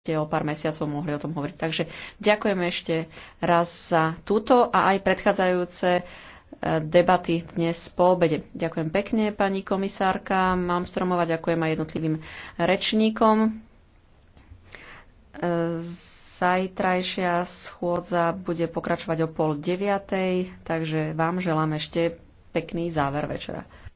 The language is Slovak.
ste o pár mesiacov mohli o tom hovoriť. Takže ďakujem ešte raz za túto a aj predchádzajúce e, debaty dnes po obede. Ďakujem pekne, pani komisárka Malmstromová, ďakujem aj jednotlivým rečníkom. E, zajtrajšia schôdza bude pokračovať o pol deviatej, takže vám želám ešte pekný záver večera.